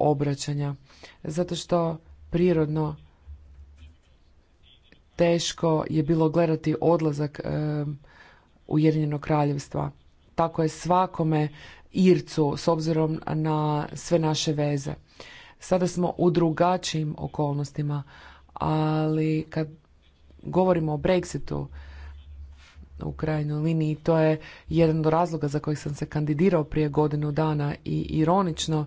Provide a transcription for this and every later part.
obraćanja, zato što prirodno teško je bilo gledati odlazak Ujedinjenog kraljevstva. Tako je svakome Ircu s obzirom na sve naše veze. Sada smo u drugačijim okolnostima, ali kad govorimo o Brexitu u krajnjoj liniji, to je jedan od razloga za kojih sam se kandidirao prije godinu dana i ironično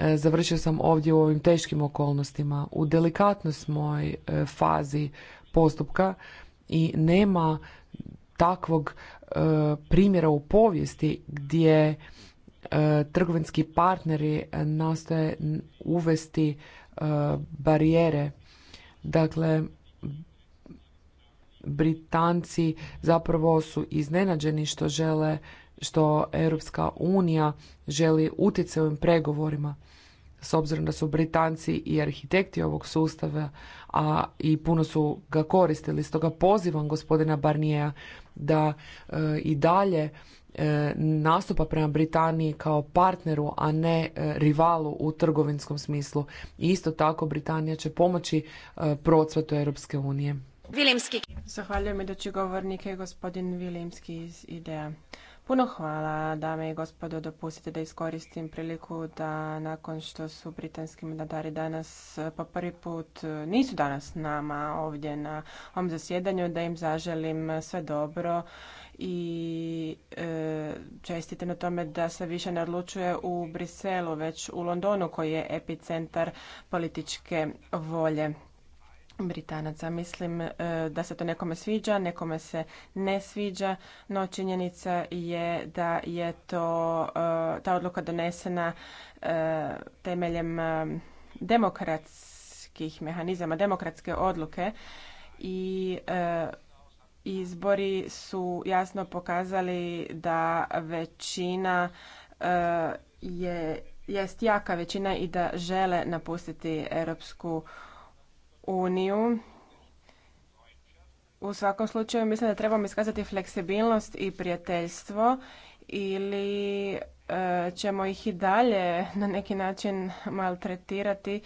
E, završio sam ovdje u ovim teškim okolnostima. U delikatnoj smo e, fazi postupka i nema takvog e, primjera u povijesti gdje trgovinski partneri nastoje uvesti barijere. Dakle, Britanci zapravo su iznenađeni što žele, što Europska unija želi utjecaj ovim pregovorima s obzirom da su Britanci i arhitekti ovog sustava, a i puno su ga koristili. Stoga pozivam gospodina Barnijeja da e, i dalje e, nastupa prema Britaniji kao partneru, a ne e, rivalu u trgovinskom smislu. I isto tako Britanija će pomoći procvetu Europske unije. Vilimski. Zahvaljujem i doći govornike gospodin Vilimski iz IDEA. Puno hvala, dame i gospodo. Dopustite da iskoristim priliku da nakon što su britanski mandatari danas eh, po prvi put eh, nisu danas nama ovdje na ovom zasjedanju, da im zaželim eh, sve dobro i čestite na tome da se više ne odlučuje u Briselu, već u Londonu koji je epicentar političke volje. Britanaca. Mislim e, da se to nekome sviđa, nekome se ne sviđa, no činjenica je da je to e, ta odluka donesena e, temeljem demokratskih mehanizama, demokratske odluke i izbori su jasno pokazali da većina je jest jaka većina i da žele napustiti Europsku uniju. U svakom slučaju mislim da trebamo iskazati fleksibilnost i prijateljstvo ili e, ćemo ih i dalje na neki način maltretirati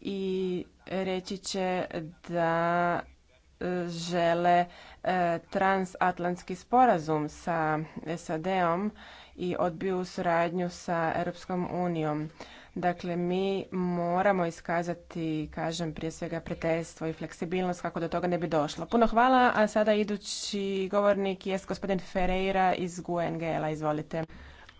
i reći će da e, žele e, transatlantski sporazum sa SAD-om i odbiju suradnju sa Europskom unijom. Dakle, mi moramo iskazati, kažem, prije svega pretestvo i fleksibilnost kako do toga ne bi došlo. Puno hvala, a sada idući govornik jest gospodin Ferreira iz GUNGL-a. Izvolite.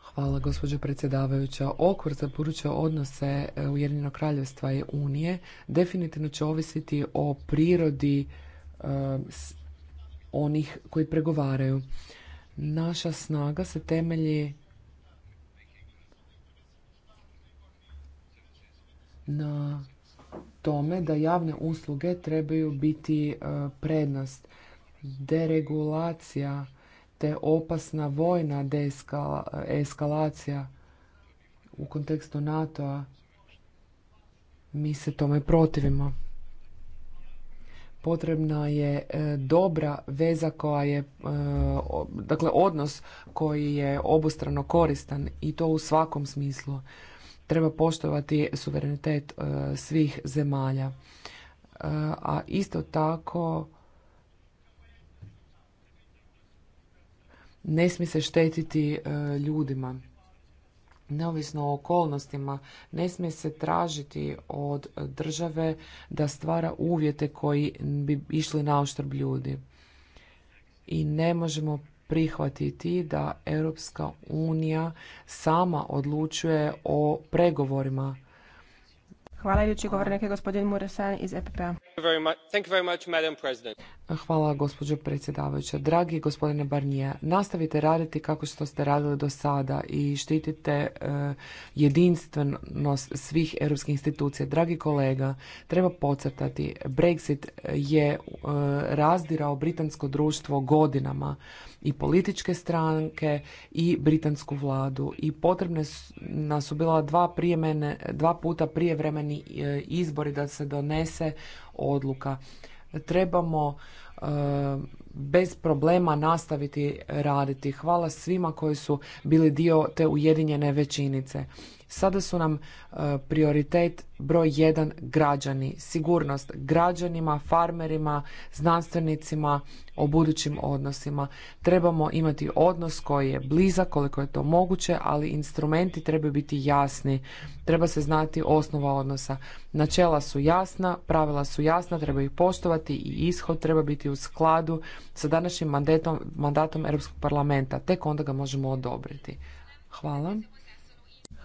Hvala, gospođo predsjedavajuća. Okvir za buduće odnose e, Ujedinjenog kraljevstva i Unije definitivno će ovisiti o prirodi e, onih koji pregovaraju. Naša snaga se temelji na tome da javne usluge trebaju biti e, prednost. Deregulacija te opasna vojna e, eskalacija u kontekstu NATO-a mi se tome protivimo. Potrebna je e, dobra veza koja je, dakle odnos koji je obostrano koristan i to u svakom smislu treba poštovati suverenitet e, svih zemalja. E, a isto tako ne smije se štetiti e, ljudima neovisno o okolnostima, ne smije se tražiti od države da stvara uvjete koji bi išli na oštrb ljudi. I ne možemo prihvatiti da Europska unija sama odlučuje o pregovorima. Hvala idući govornik je gospodin Muresan iz EPP-a. Hvala gospođo predsjedavajuća. Dragi gospodine Barnije, nastavite raditi kako što ste radili do sada i štitite e, jedinstvenost svih europskih institucija. Dragi kolega, treba podcrtati, Brexit je e, razdirao britansko društvo godinama i političke stranke i britansku vladu i potrebne nas su bila dva, prije dva puta prijevremeni e, izbori da se donese odluka. Trebamo e, bez problema nastaviti raditi. Hvala svima koji su bili dio te ujedinjene većinice. Sada su nam e, prioritet broj jedan građani, sigurnost građanima, farmerima, znanstvenicima o budućim odnosima. Trebamo imati odnos koji je blizak koliko je to moguće, ali instrumenti trebaju biti jasni. Treba se znati osnova odnosa. Načela su jasna, pravila su jasna, treba ih poštovati i ishod treba biti u skladu sa današnjim mandatom, mandatom Europskog parlamenta. Tek onda ga možemo odobriti. Hvala.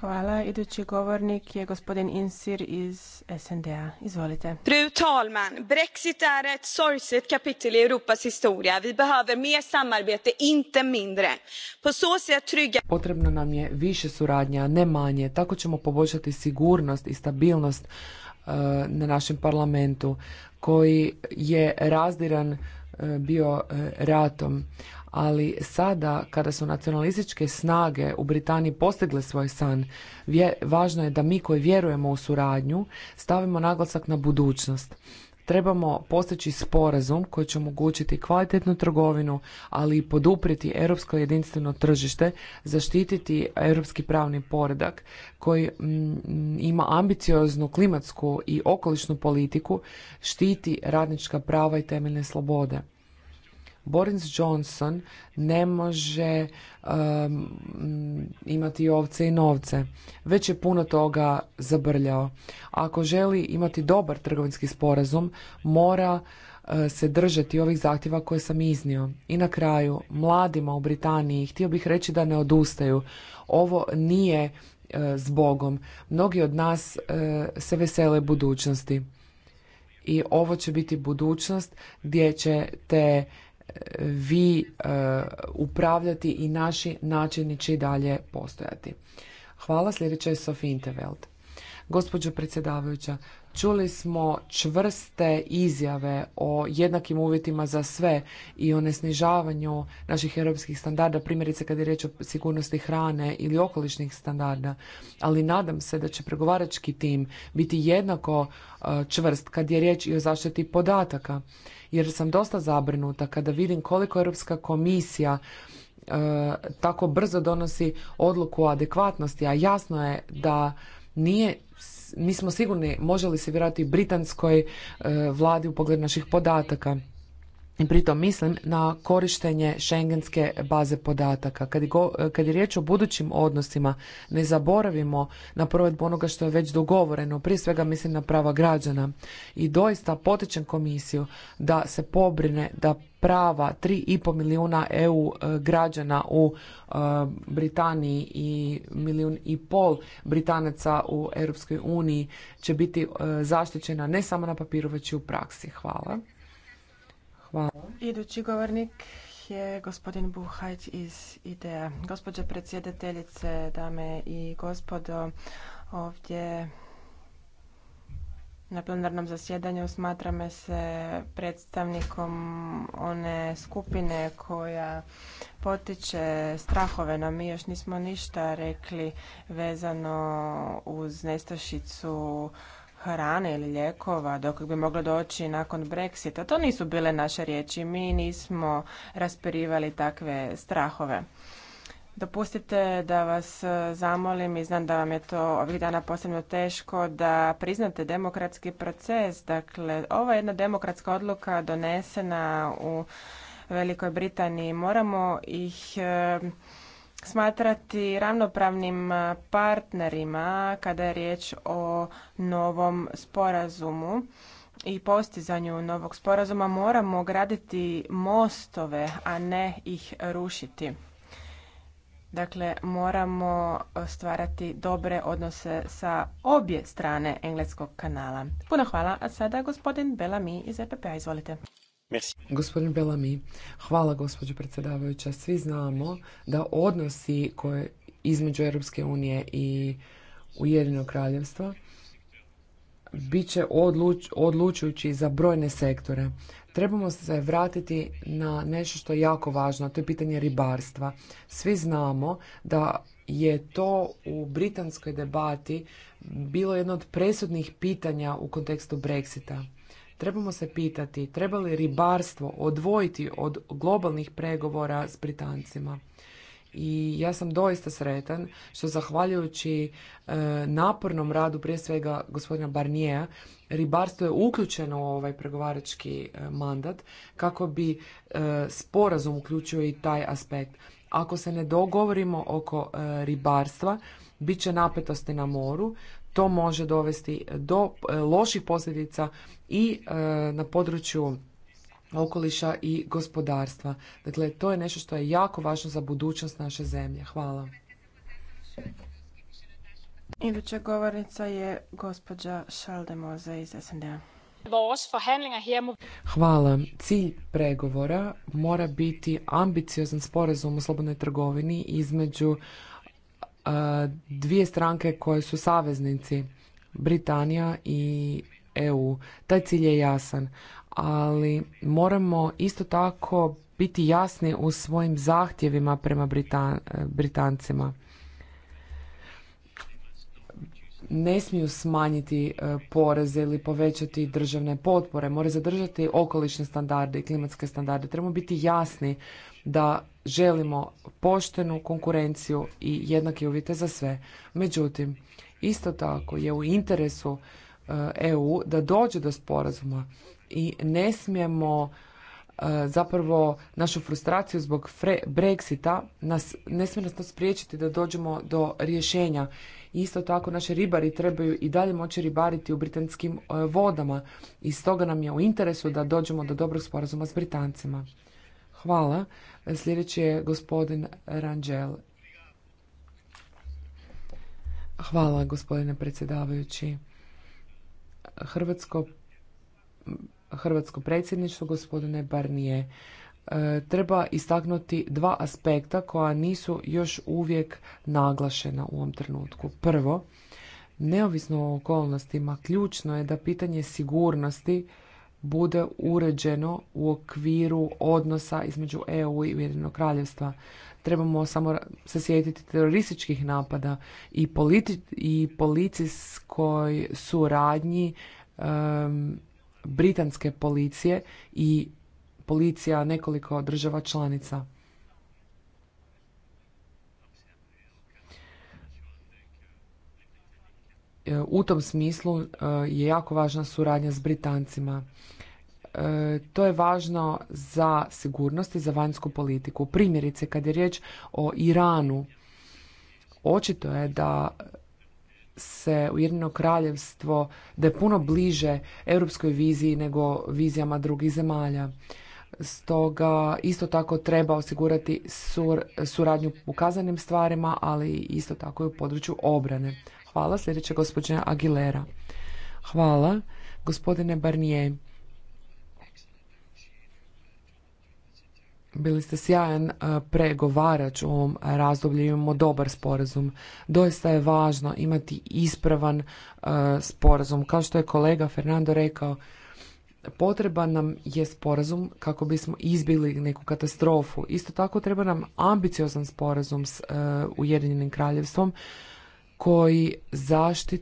Hvala. Idući govornik je gospodin Insir iz snd Izvolite. Fru talman, Brexit är ett sorgset kapitel i Europas historia. Vi behöver mer samarbete, inte mindre. På så Potrebno nam je više suradnja, ne manje. Tako ćemo poboljšati sigurnost i stabilnost e, na našem parlamentu koji je razdiran e, bio e, ratom ali sada kada su nacionalističke snage u Britaniji postigle svoj san, važno je da mi koji vjerujemo u suradnju stavimo naglasak na budućnost. Trebamo postići sporazum koji će omogućiti kvalitetnu trgovinu, ali i poduprijeti europsko jedinstveno tržište, zaštititi europski pravni poredak koji mm, ima ambicioznu klimatsku i okolišnu politiku, štiti radnička prava i temeljne slobode Boris Johnson ne može um, imati ovce i novce. Već je puno toga zabrljao. Ako želi imati dobar trgovinski sporazum, mora uh, se držati ovih zahtjeva koje sam iznio. I na kraju, mladima u Britaniji htio bih reći da ne odustaju. Ovo nije s uh, zbogom. Mnogi od nas uh, se vesele budućnosti i ovo će biti budućnost gdje će te vi eh, upravljati i naši načini će i dalje postojati. Hvala, sljedeća je Sofie Gospođo predsjedavajuća, Čuli smo čvrste izjave o jednakim uvjetima za sve i o nesnižavanju naših europskih standarda, primjerice kad je riječ o sigurnosti hrane ili okolišnih standarda, ali nadam se da će pregovarački tim biti jednako e, čvrst kad je riječ i o zaštiti podataka, jer sam dosta zabrinuta kada vidim koliko Europska komisija e, tako brzo donosi odluku o adekvatnosti, a jasno je da nije nismo sigurni može li se vjerojatno britanskoj eh, vladi u pogledu naših podataka i pritom mislim na korištenje šengenske baze podataka. Kad je, kad je riječ o budućim odnosima, ne zaboravimo na provedbu onoga što je već dogovoreno. Prije svega mislim na prava građana. I doista potičem komisiju da se pobrine da prava 3,5 milijuna EU e, građana u e, Britaniji i milijun i pol Britanaca u Europskoj uniji će biti e, zaštićena ne samo na papiru, već i u praksi. Hvala. Idući govornik je gospodin Buhajć iz IDEA. Gospođo predsjedateljice, dame i gospodo, ovdje na plenarnom zasjedanju smatra me se predstavnikom one skupine koja potiče strahove, no mi još nismo ništa rekli vezano uz nestašicu hrane ili ljekova dok bi moglo doći nakon Brexita. To nisu bile naše riječi. Mi nismo raspirivali takve strahove. Dopustite da vas e, zamolim i znam da vam je to ovih dana posebno teško da priznate demokratski proces. Dakle, ova jedna demokratska odluka donesena u Velikoj Britaniji. Moramo ih e, smatrati ravnopravnim partnerima kada je riječ o novom sporazumu i postizanju novog sporazuma moramo graditi mostove, a ne ih rušiti. Dakle, moramo stvarati dobre odnose sa obje strane Engleskog kanala. Puno hvala, a sada gospodin Bellamy iz EPP-a, izvolite. Gospodin Bellamy, hvala gospođo predsjedavajuća. Svi znamo da odnosi koje između Europske unije i Ujedinog kraljevstva bit će odlučujući za brojne sektore. Trebamo se vratiti na nešto što je jako važno, a to je pitanje ribarstva. Svi znamo da je to u britanskoj debati bilo jedno od presudnih pitanja u kontekstu Brexita Trebamo se pitati, treba li ribarstvo odvojiti od globalnih pregovora s Britancima? I ja sam doista sretan što zahvaljujući e, napornom radu prije svega gospodina Barnier, ribarstvo je uključeno u ovaj pregovarački e, mandat kako bi e, sporazum uključio i taj aspekt. Ako se ne dogovorimo oko ribarstva, bit će napetosti na moru, to može dovesti do e, loših posljedica i e, na području okoliša i gospodarstva. Dakle, to je nešto što je jako važno za budućnost naše zemlje. Hvala. Iduća govornica je gospođa Moza iz snd Hvala. Cilj pregovora mora biti ambiciozan sporazum u slobodnoj trgovini između E, dvije stranke koje su saveznici, Britanija i EU. Taj cilj je jasan, ali moramo isto tako biti jasni u svojim zahtjevima prema Britancima. Ne smiju smanjiti e, poreze ili povećati državne potpore, moraju zadržati okolišne standarde i klimatske standarde. Trebamo biti jasni da želimo poštenu konkurenciju i jednake uvjete za sve. Međutim, isto tako je u interesu eh, EU da dođe do sporazuma i ne smijemo eh, zapravo našu frustraciju zbog Brexita nas, ne smije nas to spriječiti da dođemo do rješenja. Isto tako naši ribari trebaju i dalje moći ribariti u britanskim eh, vodama i stoga nam je u interesu da dođemo do dobrog sporazuma s Britancima. Hvala. Sljedeći je gospodin Ranđel. Hvala gospodine predsjedavajući. Hrvatsko, Hrvatsko predsjedništvo gospodine Barnije treba istaknuti dva aspekta koja nisu još uvijek naglašena u ovom trenutku. Prvo, neovisno o okolnostima, ključno je da pitanje sigurnosti bude uređeno u okviru odnosa između EU i Ujedinjenog kraljevstva. Trebamo samo se sjetiti terorističkih napada i, politi i policijskoj suradnji britanske policije i policija nekoliko država članica. E, u tom smislu e, je jako važna suradnja s Britancima. E, to je važno za sigurnost i za vanjsku politiku. Primjerice, kad je riječ o Iranu, očito je da se Ujedinjeno kraljevstvo, da je puno bliže europskoj viziji nego vizijama drugih zemalja. Stoga isto tako treba osigurati suradnju u kazanim stvarima, ali isto tako i u području obrane. Hvala. Sljedeća gospođa Aguilera. Hvala. Gospodine Barnier, Bili ste sjajan eh, pregovarač u ovom razdoblju, imamo dobar sporazum. Doista je važno imati ispravan eh, sporazum. Kao što je kolega Fernando rekao, potreban nam je sporazum kako bismo izbili neku katastrofu. Isto tako treba nam ambiciozan sporazum s eh, Ujedinjenim kraljevstvom koji zaštit,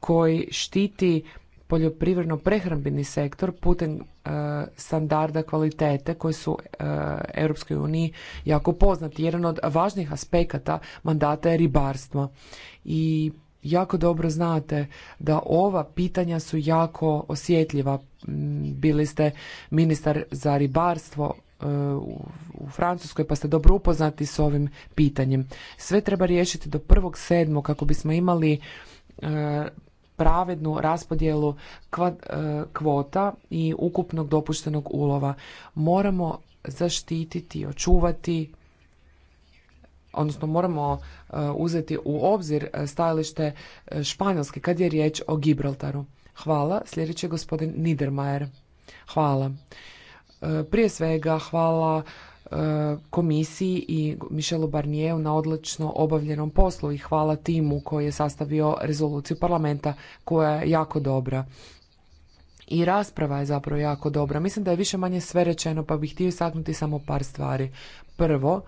koji štiti poljoprivredno prehrambeni sektor putem e, standarda kvalitete koji su e, Europskoj uniji jako poznati. Jedan od važnih aspekata mandata je ribarstvo. I jako dobro znate da ova pitanja su jako osjetljiva. Bili ste ministar za ribarstvo u Francuskoj pa ste dobro upoznati s ovim pitanjem. Sve treba riješiti do sedmog kako bismo imali e, pravednu raspodjelu e, kvota i ukupnog dopuštenog ulova. Moramo zaštititi, očuvati odnosno moramo e, uzeti u obzir stajalište Španjolske kad je riječ o Gibraltaru. Hvala. Sljedeći je gospodin Niedermayer. Hvala. Eh, prije svega hvala eh, komisiji i Michelu Barnijevu na odlično obavljenom poslu i hvala timu koji je sastavio rezoluciju parlamenta koja je jako dobra. I rasprava je zapravo jako dobra. Mislim da je više manje sve rečeno pa bih htio istaknuti samo par stvari. Prvo,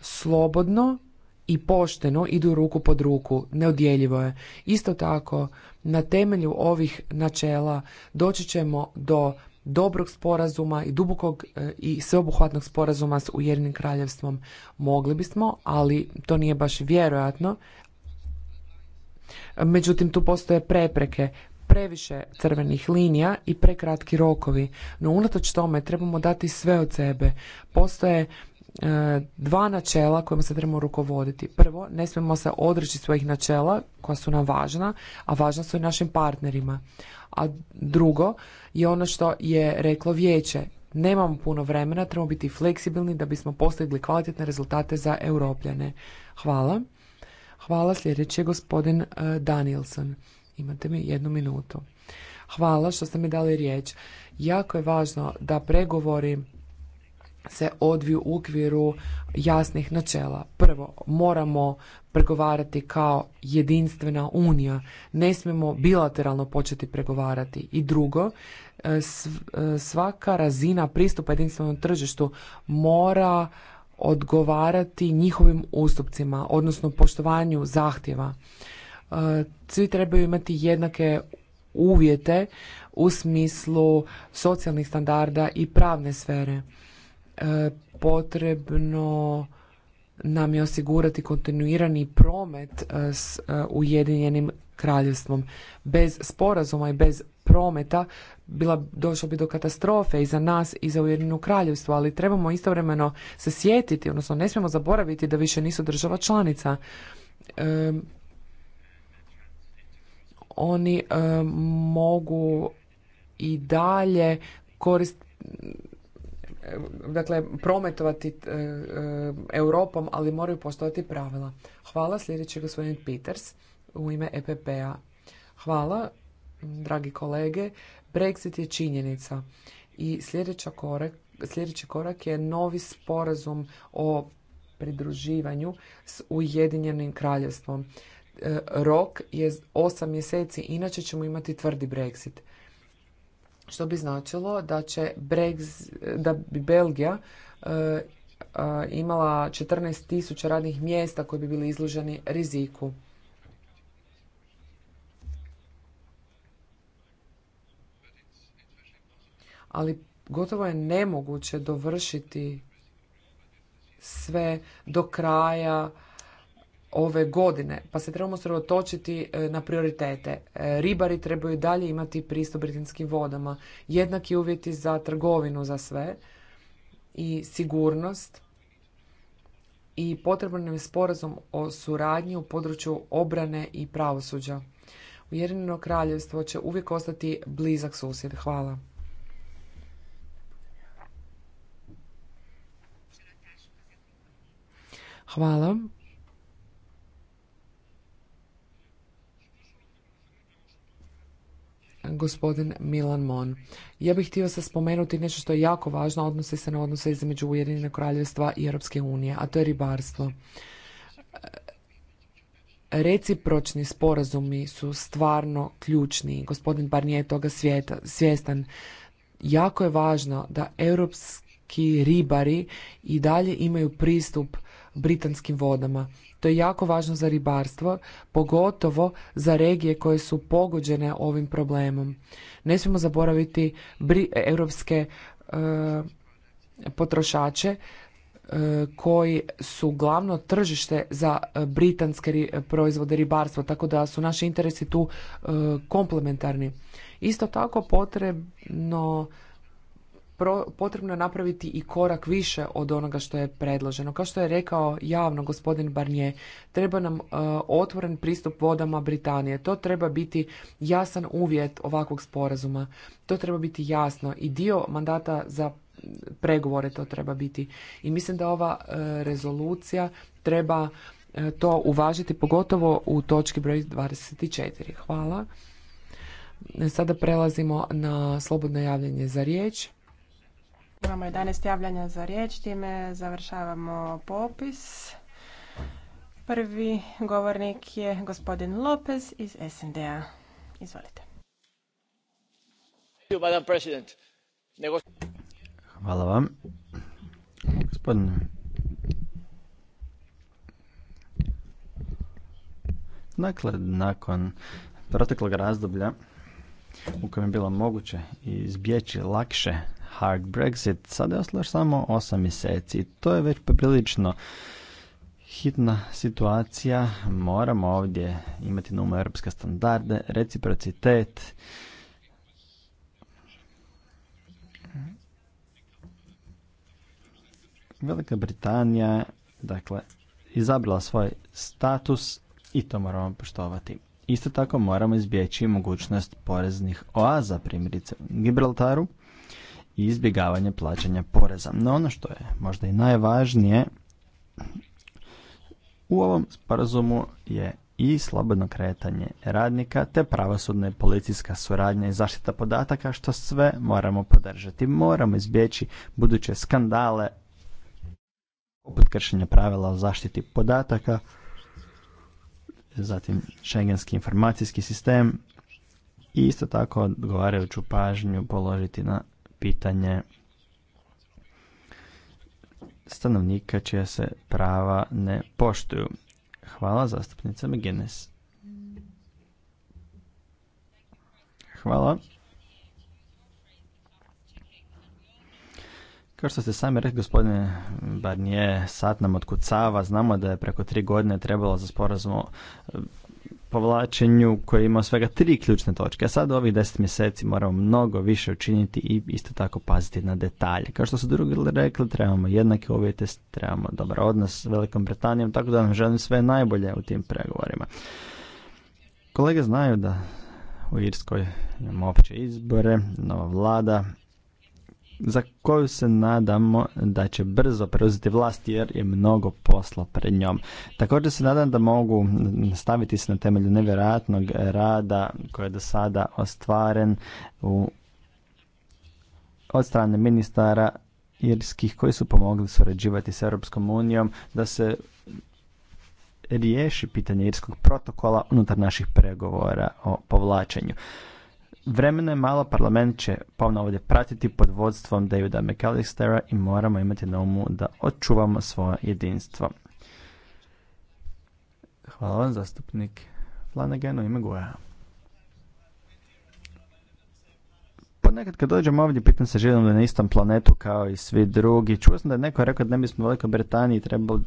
slobodno i pošteno idu ruku pod ruku, neodjeljivo je. Isto tako, na temelju ovih načela doći ćemo do dobrog sporazuma i dubokog e, i sveobuhvatnog sporazuma s ujedinim kraljevstvom mogli bismo, ali to nije baš vjerojatno. Međutim, tu postoje prepreke, previše crvenih linija i prekratki rokovi. No unatoč tome trebamo dati sve od sebe. Postoje E, dva načela kojima se trebamo rukovoditi. Prvo, ne smijemo se odreći svojih načela koja su nam važna, a važna su i našim partnerima. A drugo je ono što je reklo vijeće. Nemamo puno vremena, trebamo biti fleksibilni da bismo postigli kvalitetne rezultate za europljane. Hvala. Hvala, sljedeći je gospodin e, Danielson. Imate mi jednu minutu. Hvala što ste mi dali riječ. Jako je važno da pregovori se odviju u okviru jasnih načela. Prvo, moramo pregovarati kao jedinstvena unija. Ne smijemo bilateralno početi pregovarati. I drugo, e, e, svaka razina pristupa jedinstvenom tržištu mora odgovarati njihovim ustupcima, odnosno poštovanju zahtjeva. E, svi trebaju imati jednake uvjete u smislu socijalnih standarda i pravne sfere potrebno nam je osigurati kontinuirani promet e, s e, Ujedinjenim kraljevstvom. Bez sporazuma i bez prometa bila, došlo bi do katastrofe i za nas i za Ujedinjeno kraljevstvo, ali trebamo istovremeno se sjetiti, odnosno ne smijemo zaboraviti da više nisu država članica. E, oni mogu i dalje koristiti dakle, prometovati e, e, Europom, ali moraju postojati pravila. Hvala, sljedeći gospodin Peters u ime EPP-a. Hvala, dragi kolege. Brexit je činjenica i sljedeća korak, sljedeći korak je novi sporazum o pridruživanju s Ujedinjenim kraljevstvom. E, rok je osam mjeseci, inače ćemo imati tvrdi Brexit što bi značilo da će Brexit, da bi Belgija e, imala 14.000 radnih mjesta koji bi bili izloženi riziku. Ali gotovo je nemoguće dovršiti sve do kraja ove godine, pa se trebamo sredotočiti e, na prioritete. E, ribari trebaju dalje imati pristup britanskim vodama, jednaki uvjeti za trgovinu za sve i sigurnost i potreban nam je sporazum o suradnji u području obrane i pravosuđa. Ujedinjeno kraljevstvo će uvijek ostati blizak susjed. Hvala. Hvala. gospodin Milan Mon. Ja bih htio se spomenuti nešto što je jako važno, odnosi se na odnose između Ujedinjene kraljevstva i Europske unije, a to je ribarstvo. Recipročni sporazumi su stvarno ključni. Gospodin Barnier je toga svijeta, svjestan. Jako je važno da europski ribari i dalje imaju pristup britanskim vodama. To je jako važno za ribarstvo, pogotovo za regije koje su pogođene ovim problemom. Ne smijemo zaboraviti europske e, potrošače e, koji su glavno tržište za e, britanske proizvode ribarstva, tako da su naši interesi tu komplementarni. Isto tako potrebno potrebno je napraviti i korak više od onoga što je predloženo. Kao što je rekao javno gospodin Barnier, treba nam e, otvoren pristup vodama Britanije. To treba biti jasan uvjet ovakvog sporazuma. To treba biti jasno i dio mandata za pregovore to treba biti. I mislim da ova e, rezolucija treba e, to uvažiti pogotovo u točki broj 24. Hvala. Sada prelazimo na slobodno javljanje za riječ. Imamo 11 javljanja za riječ, time završavamo popis. Prvi govornik je gospodin Lopez iz SND-a. Izvolite. Hvala vam. Gospodin Dakle, nakon proteklog razdoblja u kojem je bilo moguće izbjeći lakše hard Brexit sada je ostalo samo 8 mjeseci. To je već poprilično hitna situacija. Moramo ovdje imati na umu europske standarde, reciprocitet. Velika Britanija, dakle, izabrala svoj status i to moramo poštovati. Isto tako moramo izbjeći mogućnost poreznih oaza, primjerice Gibraltaru i izbjegavanje plaćanja poreza. No ono što je možda i najvažnije, u ovom sporazumu je i slobodno kretanje radnika te pravosudna i policijska suradnja i zaštita podataka što sve moramo podržati. Moramo izbjeći buduće skandale poput kršenja pravila o zaštiti podataka, zatim šengenski informacijski sistem i isto tako odgovarajuću pažnju položiti na pitanje stanovnika čija se prava ne poštuju. Hvala zastupnica McGuinness. Hvala. Kao što ste sami rekli, gospodine Barnije, sat nam otkucava. Znamo da je preko tri godine trebalo za sporazum povlačenju koje ima svega tri ključne točke. A sad u ovih deset mjeseci moramo mnogo više učiniti i isto tako paziti na detalje. Kao što su drugi rekli, trebamo jednake uvjete, trebamo dobar odnos s Velikom Britanijom, tako da vam želim sve najbolje u tim pregovorima. Kolege znaju da u Irskoj imamo opće izbore, nova vlada, za koju se nadamo da će brzo preuzeti vlast jer je mnogo posla pred njom. Također se nadam da mogu staviti se na temelju nevjerojatnog rada koji je do sada ostvaren u, od strane ministara irskih koji su pomogli surađivati s Europskom unijom da se riješi pitanje irskog protokola unutar naših pregovora o povlačenju. Vremena je malo, parlament će ponovno ovdje pratiti pod vodstvom Davida McAllistera i moramo imati na umu da očuvamo svoje jedinstvo. Hvala vam, zastupnik Flanagan u ime Goja. Ponekad kad dođem ovdje, pitam se živim na istom planetu kao i svi drugi. Čuo sam da je neko rekao da ne bismo u Velikoj Britaniji trebali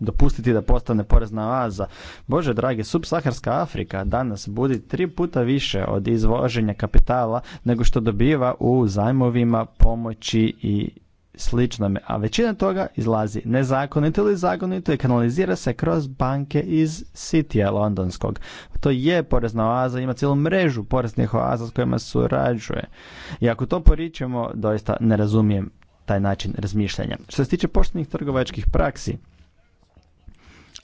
dopustiti da postane porezna oaza. Bože dragi, subsaharska Afrika danas budi tri puta više od izvoženja kapitala nego što dobiva u zajmovima, pomoći i sličnome, a većina toga izlazi nezakonito ili zakonito i kanalizira se kroz banke iz Citya londonskog. To je porezna oaza, ima cijelu mrežu poreznih oaza s kojima surađuje. I ako to poričemo, doista ne razumijem taj način razmišljanja. Što se tiče poštenih trgovačkih praksi,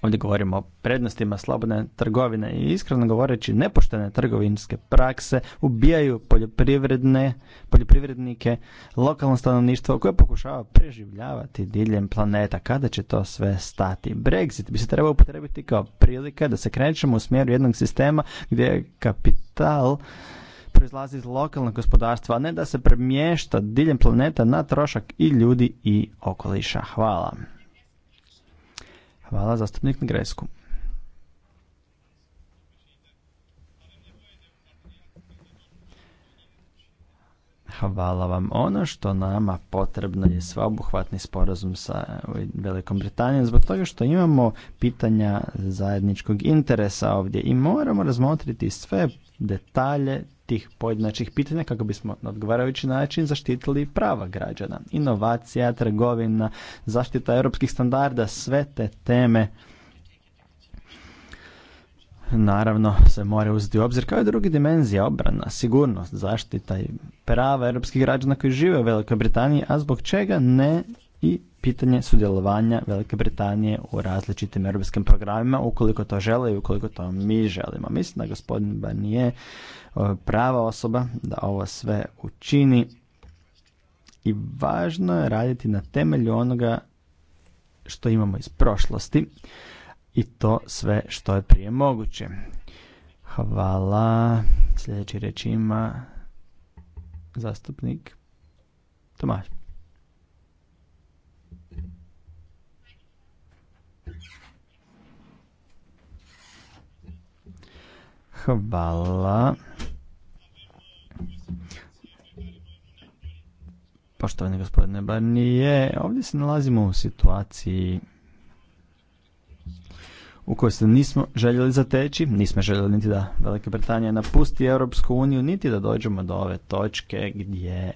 Ovdje govorimo o prednostima slobodne trgovine i iskreno govoreći nepoštene trgovinske prakse ubijaju poljoprivredne, poljoprivrednike, lokalno stanovništvo koje pokušava preživljavati diljem planeta. Kada će to sve stati? Brexit bi se trebao upotrebiti kao prilika da se krećemo u smjeru jednog sistema gdje je kapital proizlazi iz lokalnog gospodarstva, a ne da se premješta diljem planeta na trošak i ljudi i okoliša. Hvala. Hvala zastupnik na Gresku. Hvala vam. Ono što nama potrebno je sveobuhvatni sporazum sa Velikom Britanijom zbog toga što imamo pitanja zajedničkog interesa ovdje i moramo razmotriti sve detalje tih pojedinačnih pitanja kako bismo na odgovarajući način zaštitili prava građana. Inovacija, trgovina, zaštita europskih standarda, sve te teme naravno se mora uzeti u obzir kao i drugi dimenzija, obrana, sigurnost, zaštita i prava europskih građana koji žive u Velikoj Britaniji, a zbog čega ne i pitanje sudjelovanja Velike Britanije u različitim europskim programima ukoliko to žele i ukoliko to mi želimo. Mislim da gospodin Banije prava osoba da ovo sve učini i važno je raditi na temelju onoga što imamo iz prošlosti i to sve što je prije moguće. Hvala. Sljedeći reč ima zastupnik Tomaš. Hvala. Poštovani gospodine Barnije, ovdje se nalazimo u situaciji u kojoj se nismo željeli zateći, nismo željeli niti da Velika Britanija napusti Europsku uniju, niti da dođemo do ove točke gdje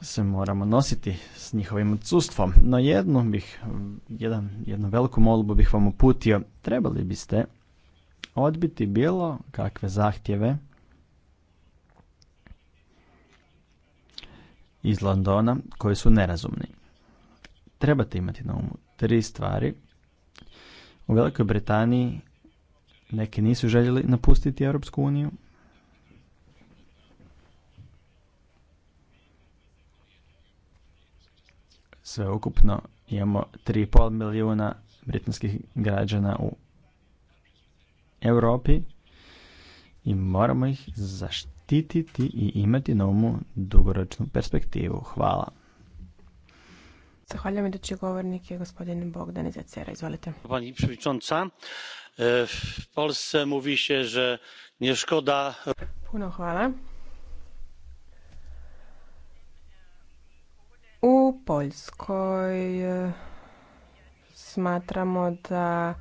se moramo nositi s njihovim odsustvom. No jednu bih, jedan, jednu veliku molbu bih vam uputio. Trebali biste odbiti bilo kakve zahtjeve iz Londona koji su nerazumni. Trebate imati na umu tri stvari. U Velikoj Britaniji neki nisu željeli napustiti Europsku uniju. Sveukupno imamo 3,5 milijuna britanskih građana u Europi i moramo ih zaštititi i imati na umu dugoročnu perspektivu. Hvala. Zahvaljujem idući govornik je gospodin Bogdan Izacera. Izvolite. Pani przewodnicząca, e, w Polsce mówi się, że nie szkoda... Puno hvala. U Poljskoj e, smatramo da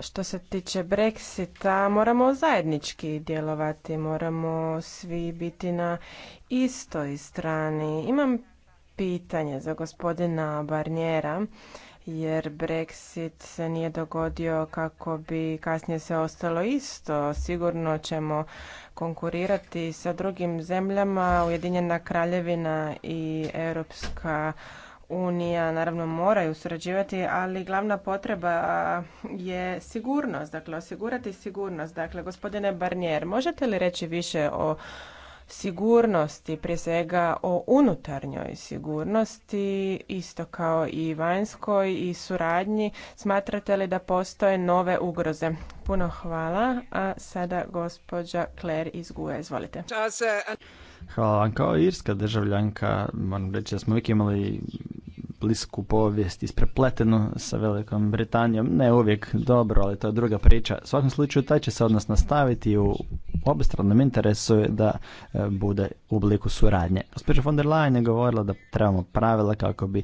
što se tiče Brexita, moramo zajednički djelovati, moramo svi biti na istoj strani. Imam pitanje za gospodina Barnjera, jer Brexit se nije dogodio kako bi kasnije se ostalo isto. Sigurno ćemo konkurirati sa drugim zemljama, Ujedinjena kraljevina i Europska unija naravno moraju surađivati, ali glavna potreba je sigurnost, dakle osigurati sigurnost. Dakle, gospodine Barnier, možete li reći više o sigurnosti, prije svega o unutarnjoj sigurnosti, isto kao i vanjskoj i suradnji. Smatrate li da postoje nove ugroze? Puno hvala. A sada gospođa Claire iz e, izvolite. Hvala vam. Kao irska državljanka, moram reći da smo uvijek imali blisku povijest isprepletenu sa Velikom Britanijom. Ne uvijek dobro, ali to je druga priča. U svakom slučaju, taj će se odnos nastaviti u obostranom interesu da e, bude u obliku suradnje. Gospođa von der Leyen je govorila da trebamo pravila kako bi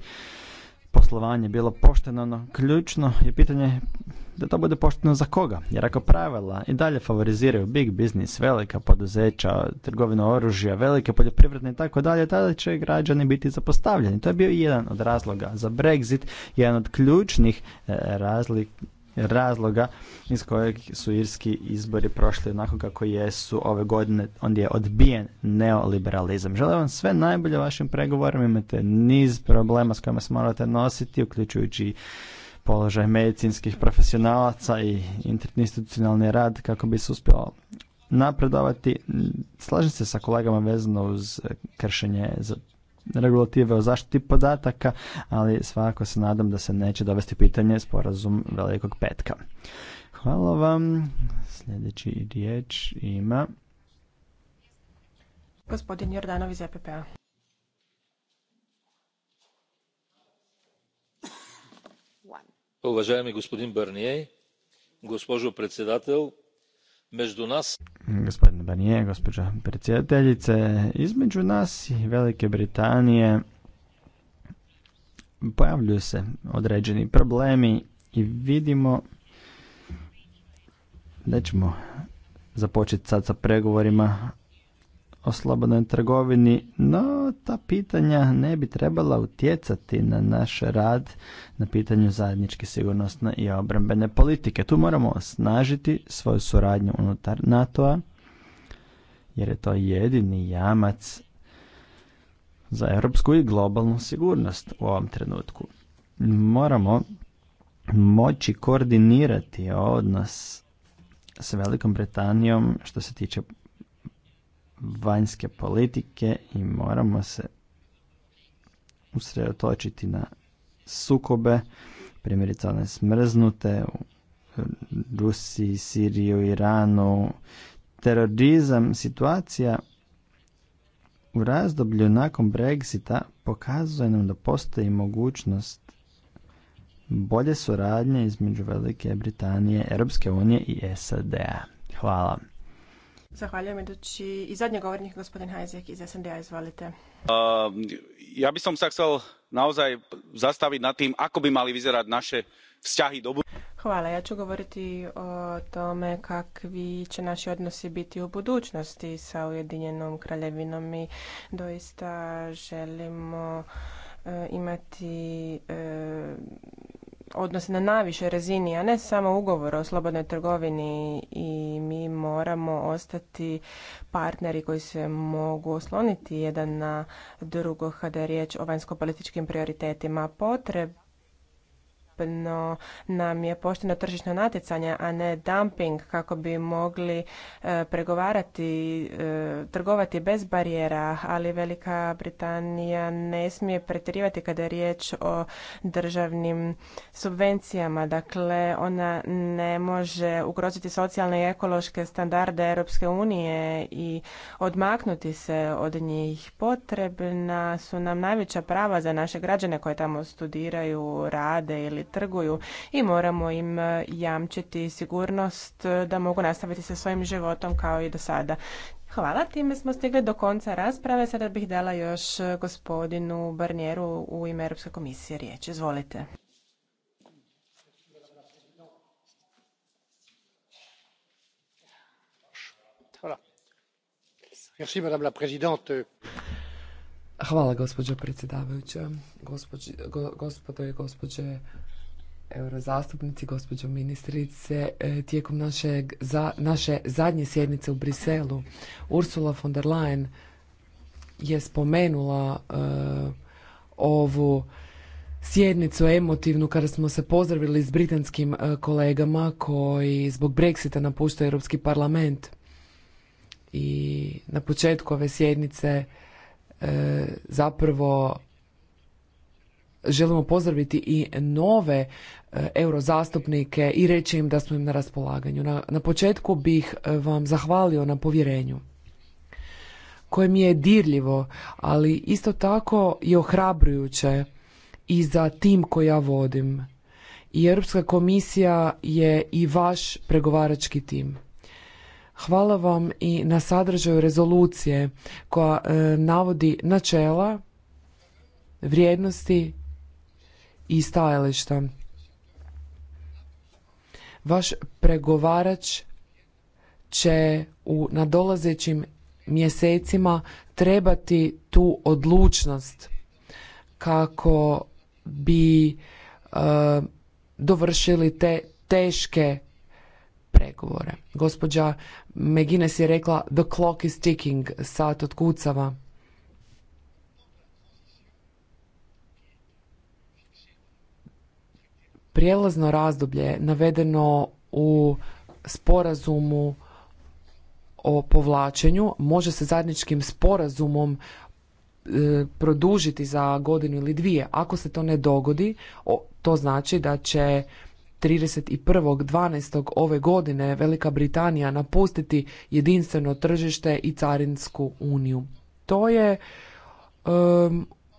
poslovanje bilo pošteno, no ključno je pitanje da to bude pošteno za koga. Jer ako pravila i dalje favoriziraju big business, velika poduzeća, trgovina oružja, velike poljoprivredne i tako dalje, tada će građani biti zapostavljeni. To je bio jedan od razloga za Brexit, jedan od ključnih e, razlika razloga iz kojeg su irski izbori prošli onako kako jesu ove godine, onda je odbijen neoliberalizam. Želim vam sve najbolje vašim pregovorima, imate niz problema s kojima se morate nositi, uključujući položaj medicinskih profesionalaca i institucionalni rad kako bi se uspjelo napredovati. Slažem se sa kolegama vezano uz kršenje regulative o zaštiti podataka, ali svakako se nadam da se neće dovesti pitanje sporazum velikog petka. Hvala vam. Sljedeći riječ ima... Gospodin Jordanov iz EPP-a. Уважаеми gospodin Барние, госпожо председател, među nas. Gospodine Banije, gospođa predsjedateljice, između nas i Velike Britanije pojavljuju se određeni problemi i vidimo da ćemo započeti sad sa pregovorima o slobodnoj trgovini, no ta pitanja ne bi trebala utjecati na naš rad na pitanju zajedničke sigurnosne i obrambene politike. Tu moramo osnažiti svoju suradnju unutar NATO-a, jer je to jedini jamac za europsku i globalnu sigurnost u ovom trenutku. Moramo moći koordinirati odnos s Velikom Britanijom što se tiče vanjske politike i moramo se usredotočiti na sukobe, primjerice one smrznute u Rusiji, Siriju, Iranu, terorizam, situacija u razdoblju nakon Brexita pokazuje nam da postoji mogućnost bolje suradnje između Velike Britanije, Europske unije i SAD-a. Hvala. Zahvaljujem idući i zadnji govornik, gospodin Hajzek iz SND-a, izvolite. ja bi som sa chcel naozaj zastaviti na tim ako bi mali vyzerať naše vzťahy do Hvala, ja ću govoriti o tome kakvi će naši odnosi biti u budućnosti sa Ujedinjenom kraljevinom i doista želimo e, imati e, odnosno na najvišoj razini, a ne samo ugovor o slobodnoj trgovini i mi moramo ostati partneri koji se mogu osloniti jedan na drugo kada je riječ o vanjsko-političkim prioritetima. Potreb no nam je pošteno tržišno natjecanje, a ne dumping kako bi mogli e, pregovarati, e, trgovati bez barijera, ali Velika Britanija ne smije pretjerivati kada je riječ o državnim subvencijama. Dakle, ona ne može ugroziti socijalne i ekološke standarde Europske unije i odmaknuti se od njih. Potrebna su nam najveća prava za naše građane koje tamo studiraju, rade ili trguju i moramo im e, jamčiti sigurnost e, da mogu nastaviti sa svojim životom kao i do sada. Hvala, time smo stigli do konca rasprave. Sada bih dala još e, gospodinu Barnjeru u ime Europske komisije riječ. Izvolite. Hvala gospođo predsjedavajuća, gospodo i gospođe eurozastupnici, gospođo ministrice, e, tijekom našeg, za, naše zadnje sjednice u Briselu Ursula von der Leyen je spomenula e, ovu sjednicu emotivnu kada smo se pozdravili s britanskim e, kolegama koji zbog Brexita napuštaju Europski parlament. I na početku ove sjednice uh, zapravo želimo pozdraviti i nove e, eurozastupnike i reći im da smo im na raspolaganju. Na, početku bih e, vam zahvalio na povjerenju koje mi je dirljivo, ali isto tako i ohrabrujuće i za tim koji ja vodim. I Europska komisija je i vaš pregovarački tim. Hvala vam i na sadržaju rezolucije koja e, navodi načela, vrijednosti i stajališta. Vaš pregovarač će u nadolazećim mjesecima trebati tu odlučnost kako bi e, dovršili te teške pregovore. Gospođa Megines je rekla the clock is ticking, sat od kucava. Prijelazno razdoblje navedeno u sporazumu o povlačenju može se zajedničkim sporazumom e, produžiti za godinu ili dvije. Ako se to ne dogodi, to znači da će 31.12. ove godine Velika Britanija napustiti jedinstveno tržište i carinsku uniju. To je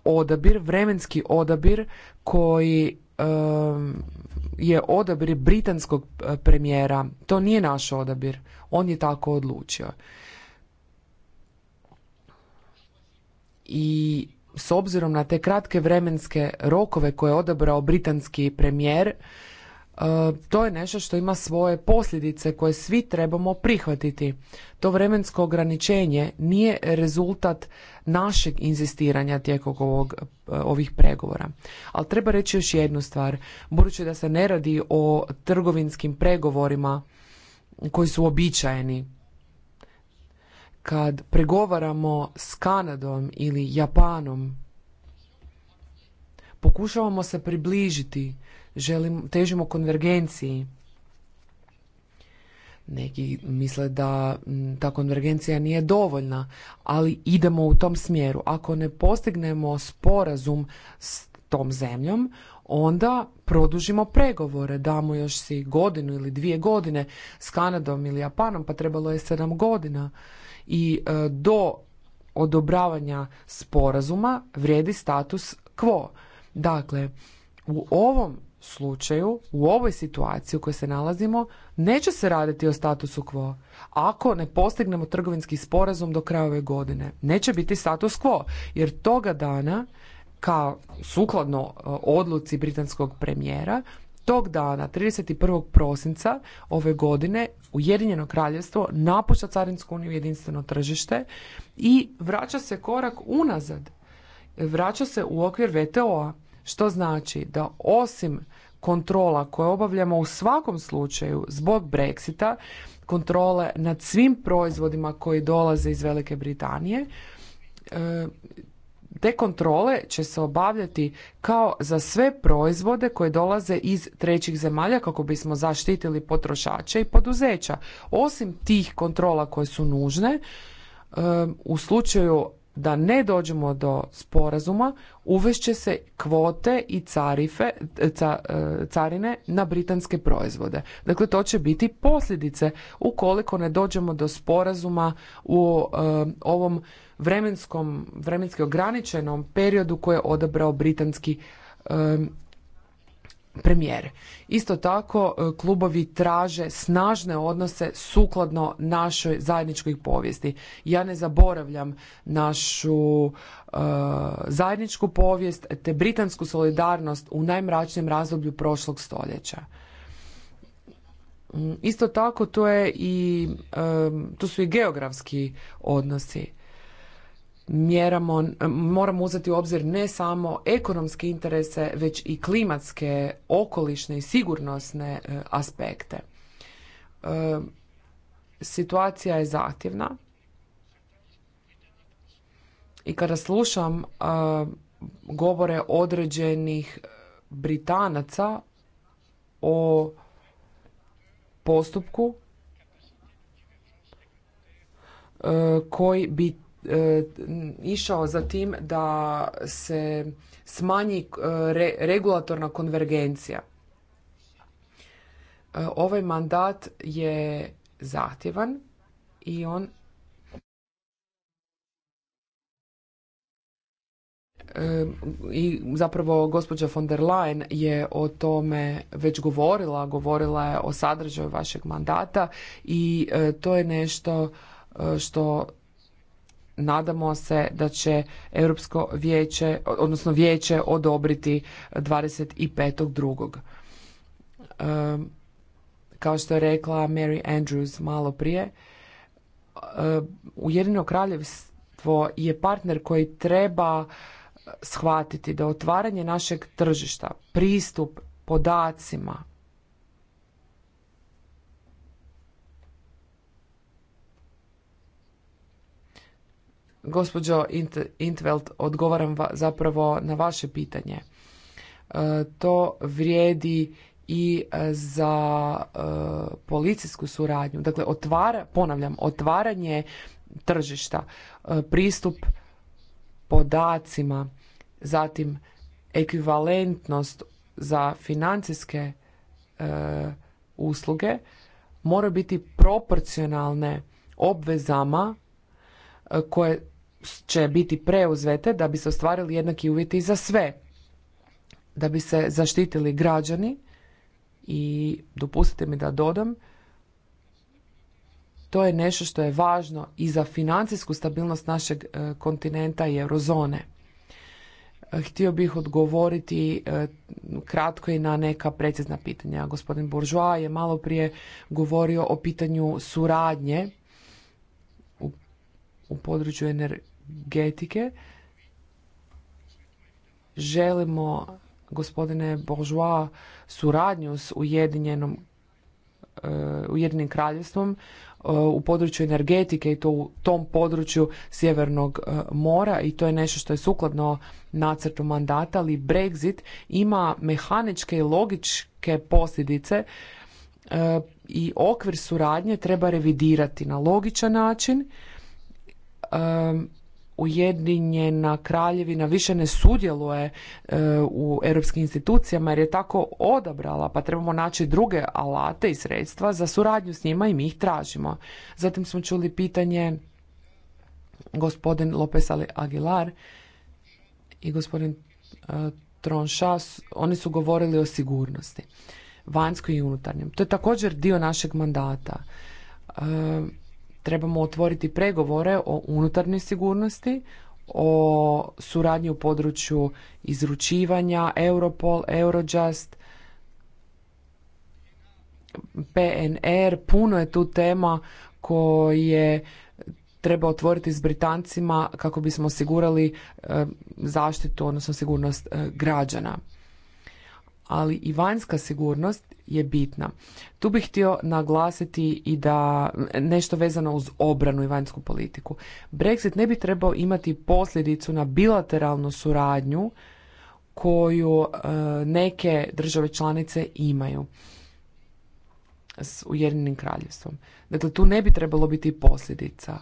odabir, vremenski odabir koji je odabir britanskog e, premijera. To nije naš odabir. On je tako odlučio. I s obzirom na te kratke vremenske rokove koje je odabrao britanski premijer, E, to je nešto što ima svoje posljedice koje svi trebamo prihvatiti. To vremensko ograničenje nije rezultat našeg inzistiranja tijekom e, ovih pregovora. Ali treba reći još jednu stvar. Budući da se ne radi o trgovinskim pregovorima koji su običajeni, kad pregovaramo s Kanadom ili Japanom, pokušavamo se približiti želim, težimo konvergenciji. Neki misle da ta konvergencija nije dovoljna, ali idemo u tom smjeru. Ako ne postignemo sporazum s tom zemljom, onda produžimo pregovore. Damo još si godinu ili dvije godine s Kanadom ili Japanom, pa trebalo je sedam godina. I e, do odobravanja sporazuma vrijedi status quo. Dakle, u ovom slučaju, u ovoj situaciji u kojoj se nalazimo, neće se raditi o statusu quo. Ako ne postignemo trgovinski sporazum do kraja ove godine, neće biti status quo, jer toga dana, kao sukladno e, odluci britanskog premijera, tog dana, 31. prosinca ove godine, Ujedinjeno kraljevstvo napušta Carinsku uniju jedinstveno tržište i vraća se korak unazad. Vraća se u okvir VTO-a što znači da osim kontrola koje obavljamo u svakom slučaju zbog Brexita, kontrole nad svim proizvodima koji dolaze iz Velike Britanije, e, te kontrole će se obavljati kao za sve proizvode koje dolaze iz trećih zemalja kako bismo zaštitili potrošače i poduzeća. Osim tih kontrola koje su nužne, e, u slučaju da ne dođemo do sporazuma, uvešće se kvote i carife, e, e, carine na britanske proizvode. Dakle, to će biti posljedice ukoliko ne dođemo do sporazuma u e, ovom vremenskom, vremenski ograničenom periodu koje je odabrao britanski premijere Isto tako, e, klubovi traže snažne odnose sukladno našoj zajedničkoj povijesti. Ja ne zaboravljam našu e, zajedničku povijest te britansku solidarnost u najmračnijem razdoblju prošlog stoljeća. Mm, isto tako, to je i, e, to su i geografski odnosi mjeramo, moramo uzeti u obzir ne samo ekonomske interese, već i klimatske, okolišne i sigurnosne e, aspekte. E, situacija je zahtjevna i kada slušam e, govore određenih Britanaca o postupku koji bi E, išao za tim da se smanji e, regulatorna konvergencija. E, ovaj mandat je zahtjevan i on i zapravo gospođa von der Leyen je o tome već govorila, govorila je o sadržaju vašeg mandata i to je nešto što nadamo se da će Europsko vijeće, odnosno vijeće odobriti 25.2. Um, kao što je rekla Mary Andrews malo prije, Ujedino kraljevstvo je partner koji treba shvatiti da otvaranje našeg tržišta, pristup podacima, Gospođo Intveld, odgovaram zapravo na vaše pitanje. E, to vrijedi i e, za e, policijsku suradnju. Dakle, otvara, ponavljam, otvaranje tržišta, pristup podacima, zatim ekvivalentnost za financijske usluge moraju biti proporcionalne obvezama koje će biti preuzete da bi se ostvarili jednaki uvjeti za sve, da bi se zaštitili građani i dopustite mi da dodam, to je nešto što je važno i za financijsku stabilnost našeg e, kontinenta i eurozone. Htio bih odgovoriti e, kratko i na neka precizna pitanja. Gospodin Bourgeois je malo prije govorio o pitanju suradnje u području energije energetike želimo gospodine Bourgeois suradnju s Ujedinjenom eh, Ujedinim kraljevstvom eh, u području energetike i to u tom području Sjevernog eh, mora i to je nešto što je sukladno nacrtu mandata, ali Brexit ima mehaničke i logičke posljedice i okvir suradnje treba revidirati na logičan način Ujedinjena kraljevina više ne sudjeluje e, u europskim institucijama jer je tako odabrala, pa trebamo naći druge alate i sredstva za suradnju s njima i mi ih tražimo. Zatim smo čuli pitanje gospodin Lopez Aguilar i gospodin e, Tronša, oni su govorili o sigurnosti, vanjskoj i unutarnjem. To je također dio našeg mandata. E, Trebamo otvoriti pregovore o unutarnjoj sigurnosti, o suradnji u području izručivanja, Europol, Eurojust, PNR, puno je tu tema koje treba otvoriti s Britancima kako bismo osigurali eh, zaštitu, odnosno sigurnost eh, građana ali i vanjska sigurnost je bitna. Tu bih htio naglasiti i da nešto vezano uz obranu i vanjsku politiku. Brexit ne bi trebao imati posljedicu na bilateralnu suradnju koju e, neke države članice imaju s Ujedinim kraljevstvom. Dakle, tu ne bi trebalo biti posljedica.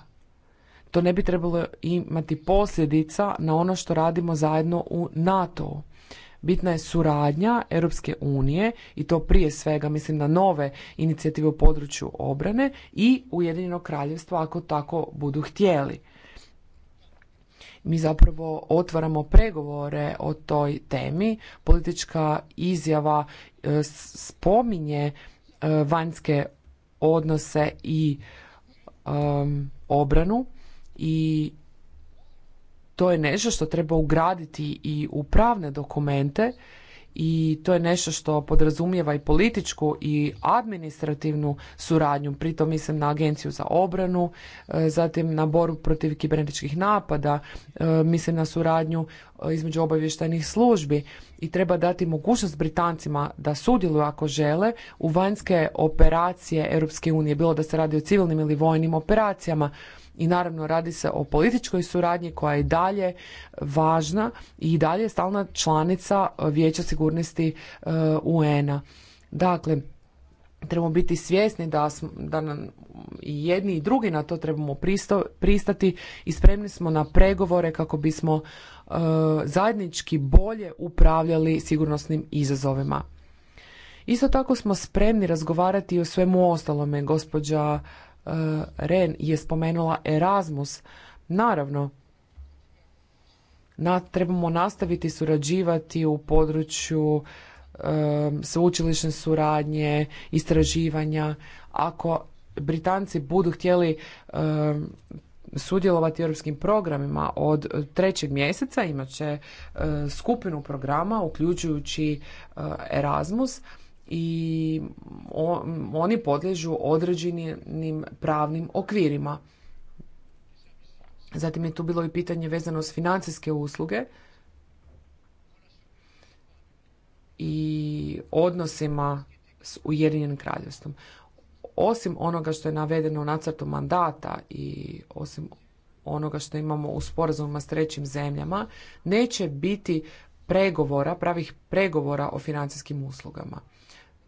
To ne bi trebalo imati posljedica na ono što radimo zajedno u NATO-u. Bitna je suradnja Europske unije i to prije svega mislim na nove inicijative u području obrane i Ujedinjenog kraljevstva ako tako budu htjeli. Mi zapravo otvaramo pregovore o toj temi. Politička izjava e, spominje e, vanjske odnose i e, obranu i to je nešto što treba ugraditi i u pravne dokumente i to je nešto što podrazumijeva i političku i administrativnu suradnju. Pritom mislim na Agenciju za obranu, e, zatim na boru protiv kibernetičkih napada, e, mislim na suradnju e, između obavještajnih službi i treba dati mogućnost Britancima da sudjeluju ako žele u vanjske operacije Europske unije, bilo da se radi o civilnim ili vojnim operacijama i naravno radi se o političkoj suradnji koja je dalje važna i dalje je stalna članica e, Vijeća sigurnosti e, UN-a. Dakle, trebamo biti svjesni da, da nam i jedni i drugi na to trebamo pristati i spremni smo na pregovore kako bismo e, zajednički bolje upravljali sigurnosnim izazovima. Isto tako smo spremni razgovarati o svemu ostalome. Gospođa E, Ren je spomenula Erasmus. Naravno, na, trebamo nastaviti surađivati u području e, sveučilišne suradnje, istraživanja. Ako Britanci budu htjeli e, sudjelovati u europskim programima od trećeg mjeseca, imat će skupinu programa uključujući Erasmus i oni podliježu određenim pravnim okvirima. Zatim je tu bilo i pitanje vezano s financijske usluge i odnosima s Ujedinjenim kraljevstvom. Osim onoga što je navedeno u nacrtu mandata i osim onoga što imamo u sporazumima s trećim zemljama, neće biti pregovora, pravih pregovora o financijskim uslugama.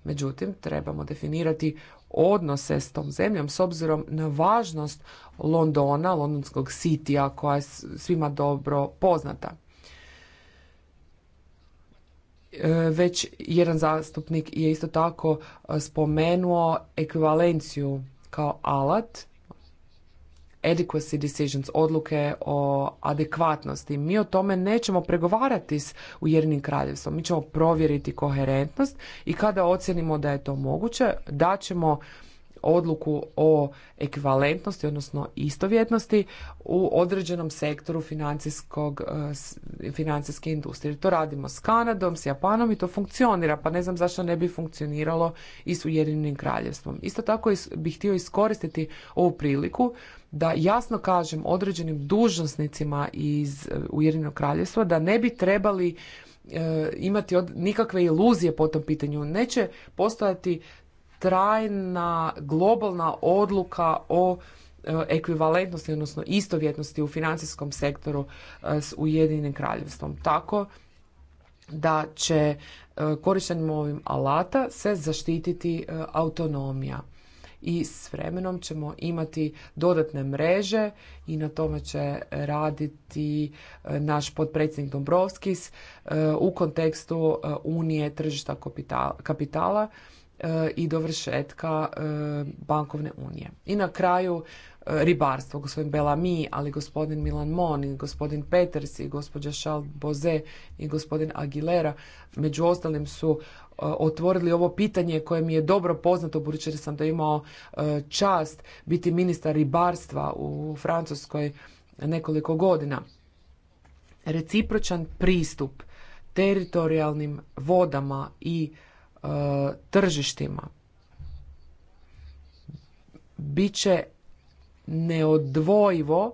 Međutim, trebamo definirati odnose s tom zemljom s obzirom na važnost Londona, londonskog sitija koja je svima dobro poznata. E, već jedan zastupnik je isto tako e, spomenuo ekvivalenciju kao alat adequacy decisions, odluke o adekvatnosti. Mi o tome nećemo pregovarati s Ujedinim kraljevstvom. Mi ćemo provjeriti koherentnost i kada ocjenimo da je to moguće, daćemo odluku o ekvivalentnosti, odnosno istovjetnosti u određenom sektoru financijskog, e, financijske industrije. To radimo s Kanadom, s Japanom i to funkcionira, pa ne znam zašto ne bi funkcioniralo i s Ujedinjenim kraljevstvom. Isto tako bih htio iskoristiti ovu priliku da jasno kažem određenim dužnosnicima iz e, Ujedinjenog kraljevstva da ne bi trebali e, imati nikakve iluzije po tom pitanju. Neće postojati trajna globalna odluka o e, ekvivalentnosti, odnosno istovjetnosti u financijskom sektoru s Ujedinjenim kraljevstvom. Tako da će korištenjem ovim alata se zaštititi autonomija i s vremenom ćemo imati dodatne mreže i na tome će raditi e, naš potpredsjednik Dombrovskis e, u kontekstu e, Unije tržišta kapitala i dovršetka bankovne unije. I na kraju ribarstvo, gospodin Bellamy, ali gospodin Milan Mon i gospodin Peters i gospođa Charles Boze i gospodin Aguilera, među ostalim su e, otvorili ovo pitanje koje mi je dobro poznato, budući da sam da imao e, čast biti ministar ribarstva u Francuskoj nekoliko godina. Recipročan pristup teritorijalnim vodama i e, tržištima bit će neodvojivo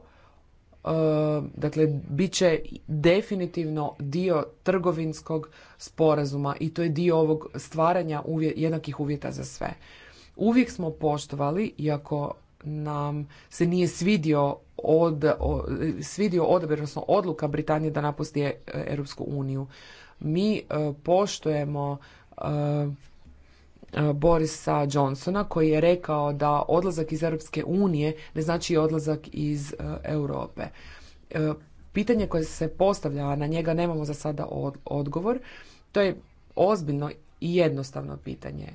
e, dakle bit će definitivno dio trgovinskog sporazuma i to je dio ovog stvaranja jednakih uvjeta za sve. Uvijek smo poštovali, iako nam se nije svidio od, svidio odabir, odnosno odluka Britanije da napusti e, Europsku uniju. Mi e, poštujemo E, Borisa Johnsona koji je rekao da odlazak iz Europske unije ne znači odlazak iz e, Europe. E, pitanje koje se postavlja, a na njega nemamo za sada odgovor, to je ozbiljno i jednostavno pitanje.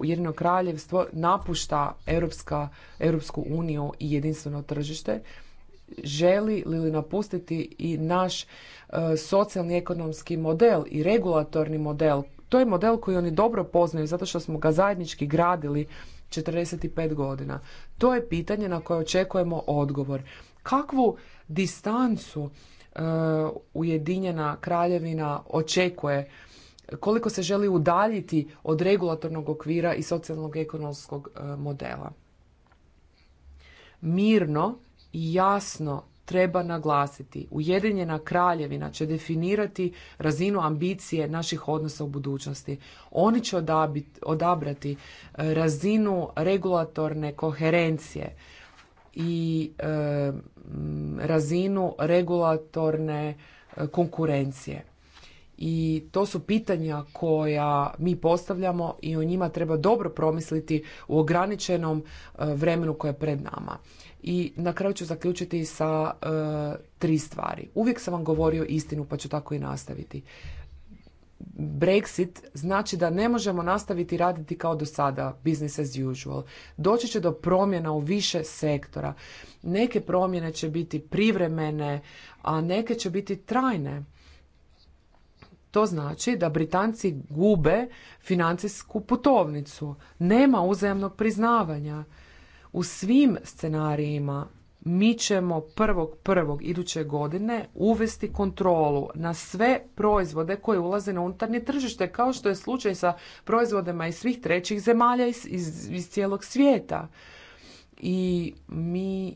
Ujedinjeno kraljevstvo napušta Europska, Europsku uniju i jedinstveno tržište, želi li napustiti i naš socijalni ekonomski model i regulatorni model to je model koji oni dobro poznaju zato što smo ga zajednički gradili 45 godina. To je pitanje na koje očekujemo odgovor. Kakvu distancu e, Ujedinjena kraljevina očekuje koliko se želi udaljiti od regulatornog okvira i socijalnog ekonomskog e, modela. Mirno i jasno treba naglasiti. Ujedinjena kraljevina će definirati razinu ambicije naših odnosa u budućnosti. Oni će odabrati e, razinu regulatorne koherencije i e, razinu regulatorne e, konkurencije. I to su pitanja koja mi postavljamo i o njima treba dobro promisliti u ograničenom vremenu koje je pred nama. I na kraju ću zaključiti sa e, tri stvari. Uvijek sam vam govorio istinu, pa ću tako i nastaviti. Brexit znači da ne možemo nastaviti raditi kao do sada, business as usual. Doći će do promjena u više sektora. Neke promjene će biti privremene, a neke će biti trajne. To znači da Britanci gube financijsku putovnicu. Nema uzajamnog priznavanja. U svim scenarijima mi ćemo prvog prvog iduće godine uvesti kontrolu na sve proizvode koji ulaze na unutarnje tržište, kao što je slučaj sa proizvodima iz svih trećih zemalja iz, iz, cijelog svijeta. I mi e,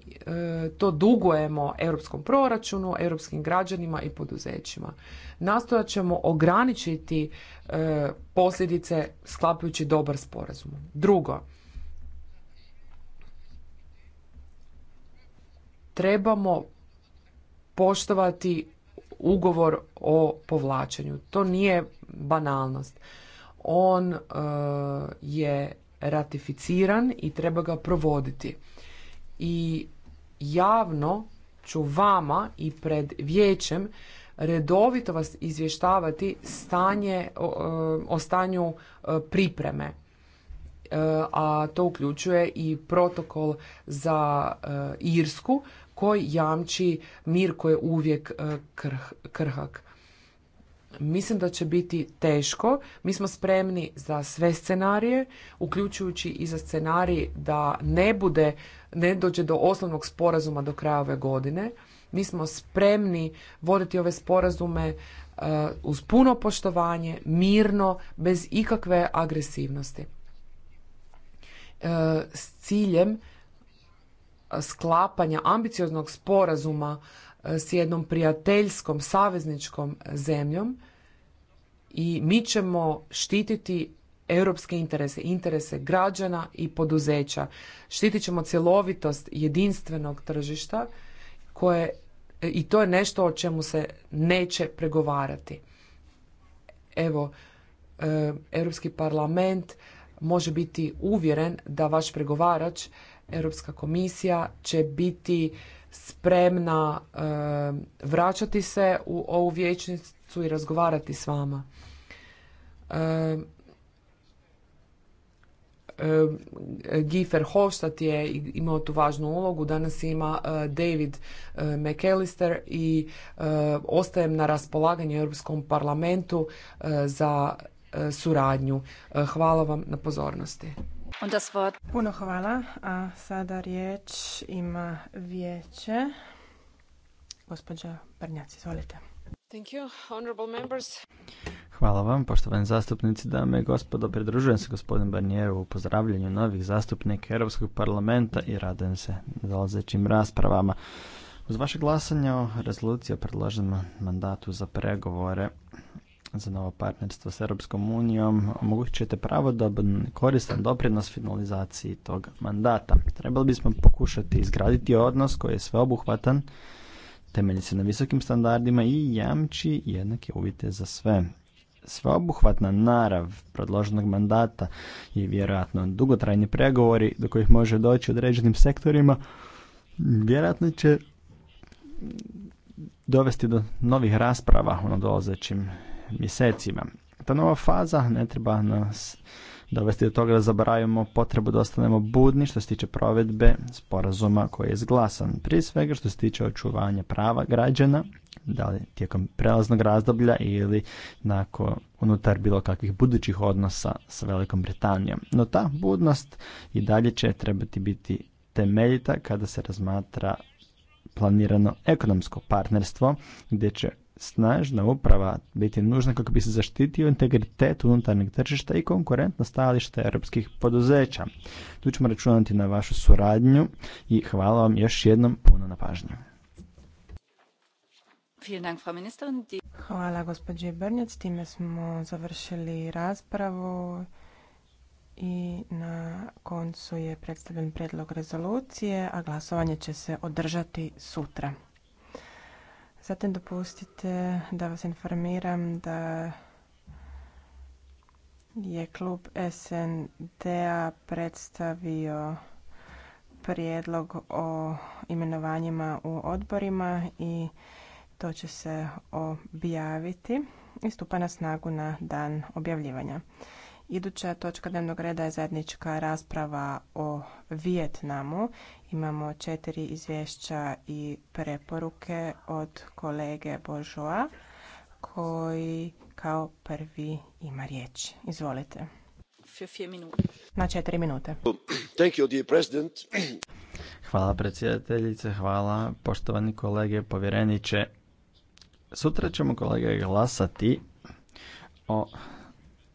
to dugujemo europskom proračunu, europskim građanima i poduzećima. Nastojat ćemo ograničiti e, posljedice sklapajući dobar sporazum. Drugo, trebamo poštovati ugovor o povlačenju. To nije banalnost. On e, je ratificiran i treba ga provoditi. I javno ću vama i pred vijećem redovito vas izvještavati stanje, o e, stanju e, pripreme. A to uključuje i protokol za Irsku koji jamči mir koji je uvijek e, krhak. Mislim da će biti teško. Mi smo spremni za sve scenarije, uključujući i za scenarij da ne bude, ne dođe do osnovnog sporazuma do kraja ove godine. Mi smo spremni voditi ove sporazume e, uz puno poštovanje, mirno, bez ikakve agresivnosti. E, s ciljem sklapanja ambicioznog sporazuma e, s jednom prijateljskom savezničkom zemljom i mi ćemo štititi europske interese, interese građana i poduzeća. Štitit ćemo cjelovitost jedinstvenog tržišta koje e, i to je nešto o čemu se neće pregovarati. Evo, e, Europski parlament može biti uvjeren da vaš pregovarač Europska komisija će biti spremna e, vraćati se u ovu vijećnicu i razgovarati s vama. E, e Gifer Hofstadt je imao tu važnu ulogu, danas ima e, David McAllister i ostajem na raspolaganju Europskom parlamentu za suradnju. Hvala vam na pozornosti. Puno hvala. A sada riječ ima vijeće. Gospođa Brnjac, izvolite. Hvala vam, poštovani zastupnici, dame i gospodo. Pridružujem se gospodinu Barnijeru u pozdravljanju novih zastupnika Europskog parlamenta i radujem se dolazećim raspravama. Uz vaše glasanje o rezoluciji o predloženom mandatu za pregovore za novo partnerstvo s Europskom unijom omogućit ćete pravodoban koristan doprinos finalizaciji tog mandata. Trebali bismo pokušati izgraditi odnos koji je sveobuhvatan, temelji se na visokim standardima i jamči jednake uvite za sve. Sveobuhvatna narav predloženog mandata je vjerojatno dugotrajni pregovori do kojih može doći određenim sektorima. Vjerojatno će dovesti do novih rasprava u nadolazećim mjesecima. Ta nova faza ne treba nas dovesti do toga da zaboravimo potrebu da ostanemo budni što se tiče provedbe sporazuma koji je izglasan. Prije svega što se tiče očuvanja prava građana, da li tijekom prelaznog razdoblja ili nakon unutar bilo kakvih budućih odnosa sa Velikom Britanijom. No ta budnost i dalje će trebati biti temeljita kada se razmatra planirano ekonomsko partnerstvo gdje će snažna uprava biti nužna kako bi se zaštitio integritet unutarnjeg tržišta i konkurentno stajalište europskih poduzeća. Tu ćemo računati na vašu suradnju i hvala vam još jednom puno na pažnju. Hvala gospođe Brnjac, time smo završili raspravu i na koncu je predstavljen predlog rezolucije, a glasovanje će se održati sutra. Zatim dopustite da vas informiram da je klub SND-a predstavio prijedlog o imenovanjima u odborima i to će se objaviti i stupa na snagu na dan objavljivanja. Iduća točka dnevnog reda je zajednička rasprava o Vijetnamu. Imamo četiri izvješća i preporuke od kolege Božoa koji kao prvi ima riječ. Izvolite. Na četiri minute. Hvala predsjedateljice, hvala poštovani kolege povjereniče. Sutra ćemo kolege glasati o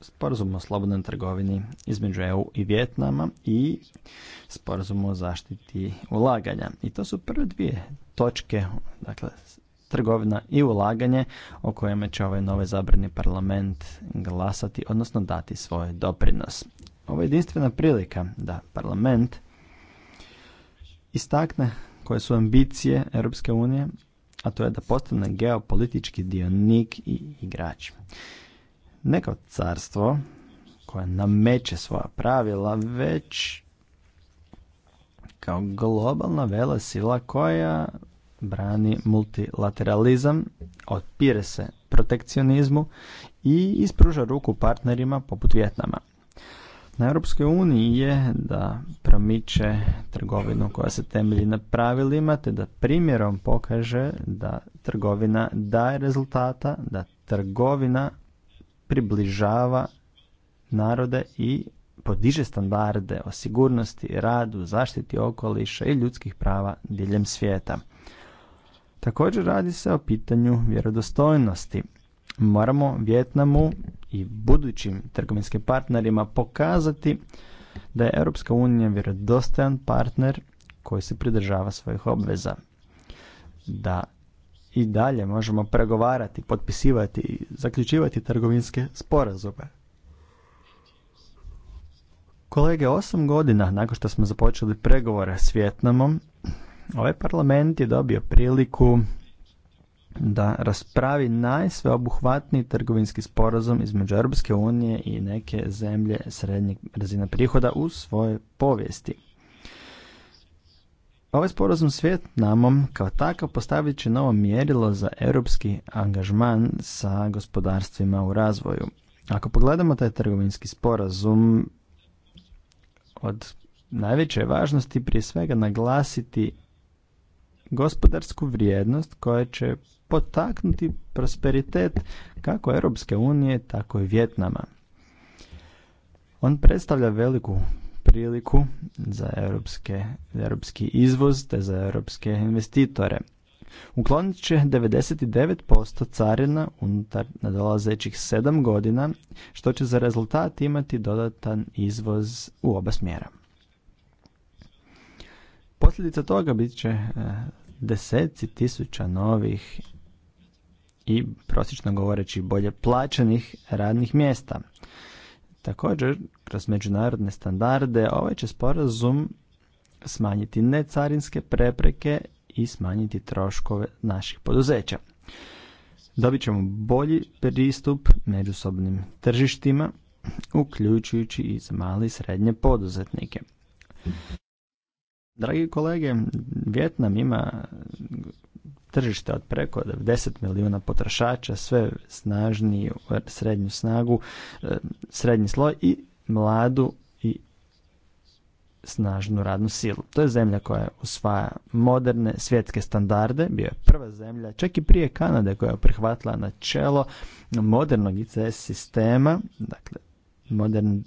sporazum o slobodnoj trgovini između EU i Vjetnama i sporazum o zaštiti ulaganja. I to su prve dvije točke, dakle trgovina i ulaganje o kojima će ovaj novi zabrani parlament glasati, odnosno dati svoj doprinos. Ovo je jedinstvena prilika da parlament istakne koje su ambicije Europske unije, a to je da postane geopolitički dionik i igrač. Neko carstvo koje nameće svoja pravila, već kao globalna sila koja brani multilateralizam, otpire se protekcionizmu i ispruža ruku partnerima poput Vjetnama. Na Europskoj uniji je da promiče trgovinu koja se temelji na pravilima, te da primjerom pokaže da trgovina daje rezultata, da trgovina približava narode i podiže standarde o sigurnosti, radu, zaštiti okoliša i ljudskih prava diljem svijeta. Također radi se o pitanju vjerodostojnosti. Moramo Vjetnamu i budućim trgovinskim partnerima pokazati da je Europska unija vjerodostojan partner koji se pridržava svojih obveza. Da i dalje možemo pregovarati, potpisivati i zaključivati trgovinske sporazume. Kolege, osam godina nakon što smo započeli pregovore s Vjetnamom, ovaj parlament je dobio priliku da raspravi najsveobuhvatniji trgovinski sporazum između Europske unije i neke zemlje srednjeg razina prihoda u svojoj povijesti. Ovaj sporazum s Vjetnamom kao takav postavit će novo mjerilo za europski angažman sa gospodarstvima u razvoju. Ako pogledamo taj trgovinski sporazum, od najveće važnosti prije svega naglasiti gospodarsku vrijednost koja će potaknuti prosperitet kako Europske unije, tako i Vjetnama. On predstavlja veliku priliku za europske, europski izvoz te za europske investitore. Uklonit će 99% carina unutar nadolazećih 7 godina, što će za rezultat imati dodatan izvoz u oba smjera. Posljedica toga bit će e, deseci tisuća novih i prosječno govoreći bolje plaćenih radnih mjesta. Također, kroz međunarodne standarde ovaj će sporazum smanjiti necarinske prepreke i smanjiti troškove naših poduzeća. Dobit ćemo bolji pristup međusobnim tržištima, uključujući i za mali i srednje poduzetnike. Dragi kolege, Vjetnam ima tržište od preko 90 milijuna potrošača, sve snažniju srednju snagu, e, srednji sloj i mladu i snažnu radnu silu. To je zemlja koja usvaja moderne svjetske standarde, bio je prva zemlja, čak i prije Kanade koja je prihvatila načelo modernog ICS sistema, dakle modern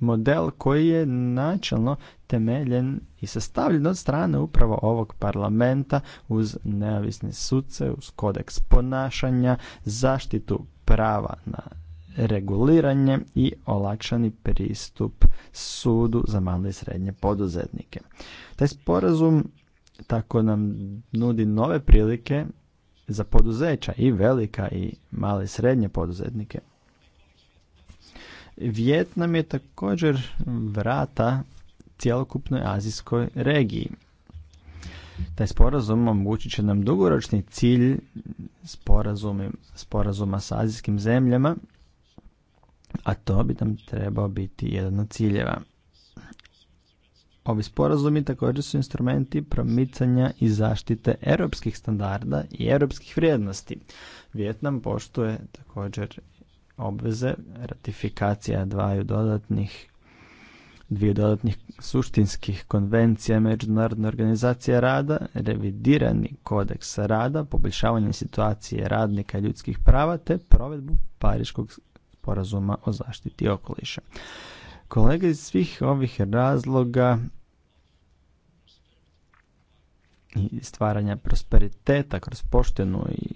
model koji je načelno temeljen i sastavljen od strane upravo ovog parlamenta uz neovisne suce, uz kodeks ponašanja, zaštitu prava na reguliranje i olakšani pristup sudu za male i srednje poduzetnike. Taj sporazum tako nam nudi nove prilike za poduzeća i velika i male i srednje poduzetnike Vjetnam je također vrata cjelokupnoj azijskoj regiji. Taj sporazum omogućit će nam dugoročni cilj sporazuma sa azijskim zemljama, a to bi nam trebao biti jedan od ciljeva. Ovi sporazumi također su instrumenti promicanja i zaštite europskih standarda i europskih vrijednosti. Vjetnam poštuje također obveze, ratifikacija dvaju dodatnih dvije dodatnih suštinskih konvencija Međunarodne organizacije rada, revidirani kodeks rada, poboljšavanje situacije radnika ljudskih prava te provedbu Pariškog sporazuma o zaštiti okoliša. Kolege iz svih ovih razloga i stvaranja prosperiteta kroz poštenu i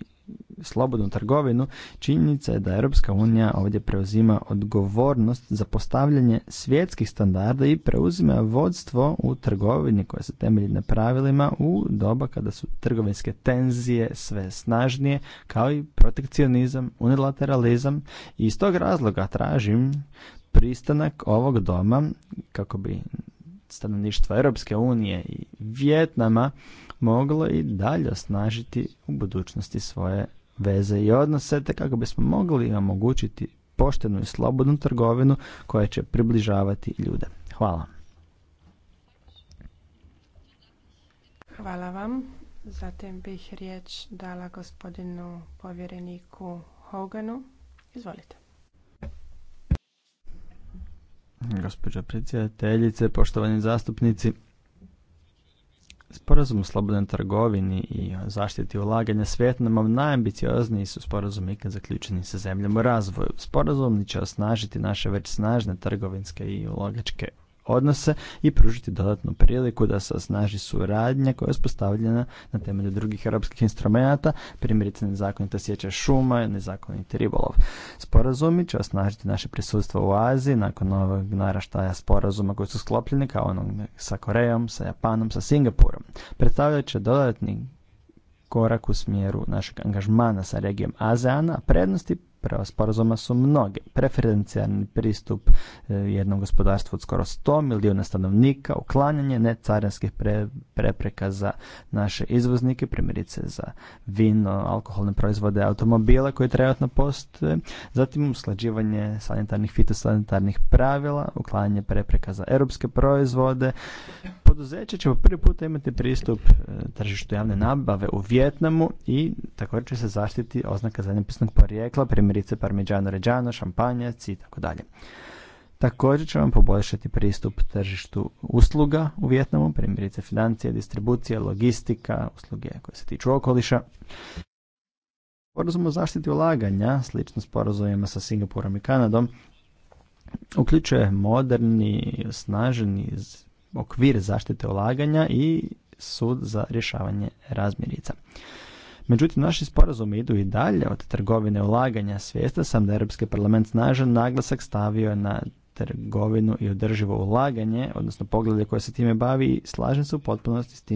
slobodnu trgovinu, činjenica je da Europska unija ovdje preuzima odgovornost za postavljanje svjetskih standarda i preuzima vodstvo u trgovini koja se temelji na pravilima u doba kada su trgovinske tenzije sve snažnije, kao i protekcionizam, unilateralizam i iz tog razloga tražim pristanak ovog doma kako bi stanovništvo Europske unije i Vjetnama moglo i dalje osnažiti u budućnosti svoje veze i odnose, te kako bismo mogli omogućiti poštenu i slobodnu trgovinu koja će približavati ljude. Hvala. Hvala vam. Zatim bih riječ dala gospodinu povjereniku Hoganu. Izvolite. Gospođa predsjedateljice, poštovani zastupnici, Sporazum o slobodnoj trgovini i zaštiti ulaganja s Vjetnamom najambiciozniji su sporazumi ikad zaključeni sa zemljom u razvoju. Sporazumni će osnažiti naše već snažne trgovinske i ulagačke odnose i pružiti dodatnu priliku da se osnaži suradnja koja je uspostavljena na temelju drugih europskih instrumenata, primjerice nezakonita sjeća šuma i nezakoniti ribolov. Sporazumi će osnažiti naše prisustvo u Aziji nakon ovog naraštaja sporazuma koji su sklopljeni kao onog sa Korejom, sa Japanom, sa Singapurom. Predstavljat će dodatni korak u smjeru našeg angažmana sa regijom ASEAN-a, prednosti prava sporazuma su mnoge. Preferencijalni pristup e, jednom gospodarstvu od skoro 100 milijuna stanovnika, uklanjanje necarinskih pre, prepreka za naše izvoznike, primjerice za vino, alkoholne proizvode, automobile koje trenutno postoje, zatim usklađivanje sanitarnih, fitosanitarnih pravila, uklanjanje prepreka za europske proizvode. Poduzeće će po prvi puta imati pristup e, tržištu javne nabave u Vjetnamu i također će se zaštiti oznaka zemljopisnog porijekla, primjerice primjerice parmeđano ređano, šampanjac i tako dalje. Također će vam poboljšati pristup tržištu usluga u Vjetnamu, primjerice financije, distribucija, logistika, usluge koje se tiču okoliša. Sporazum o zaštiti ulaganja, slično sporazumima sa Singapurom i Kanadom, uključuje moderni, snaženi okvir zaštite ulaganja i sud za rješavanje razmirica. Međutim, naši sporazumi idu i dalje od trgovine ulaganja. Svijesta sam da Europski parlament snažan naglasak stavio na trgovinu i održivo ulaganje, odnosno poglede koje se time bavi, slažem se u potpunosti s tim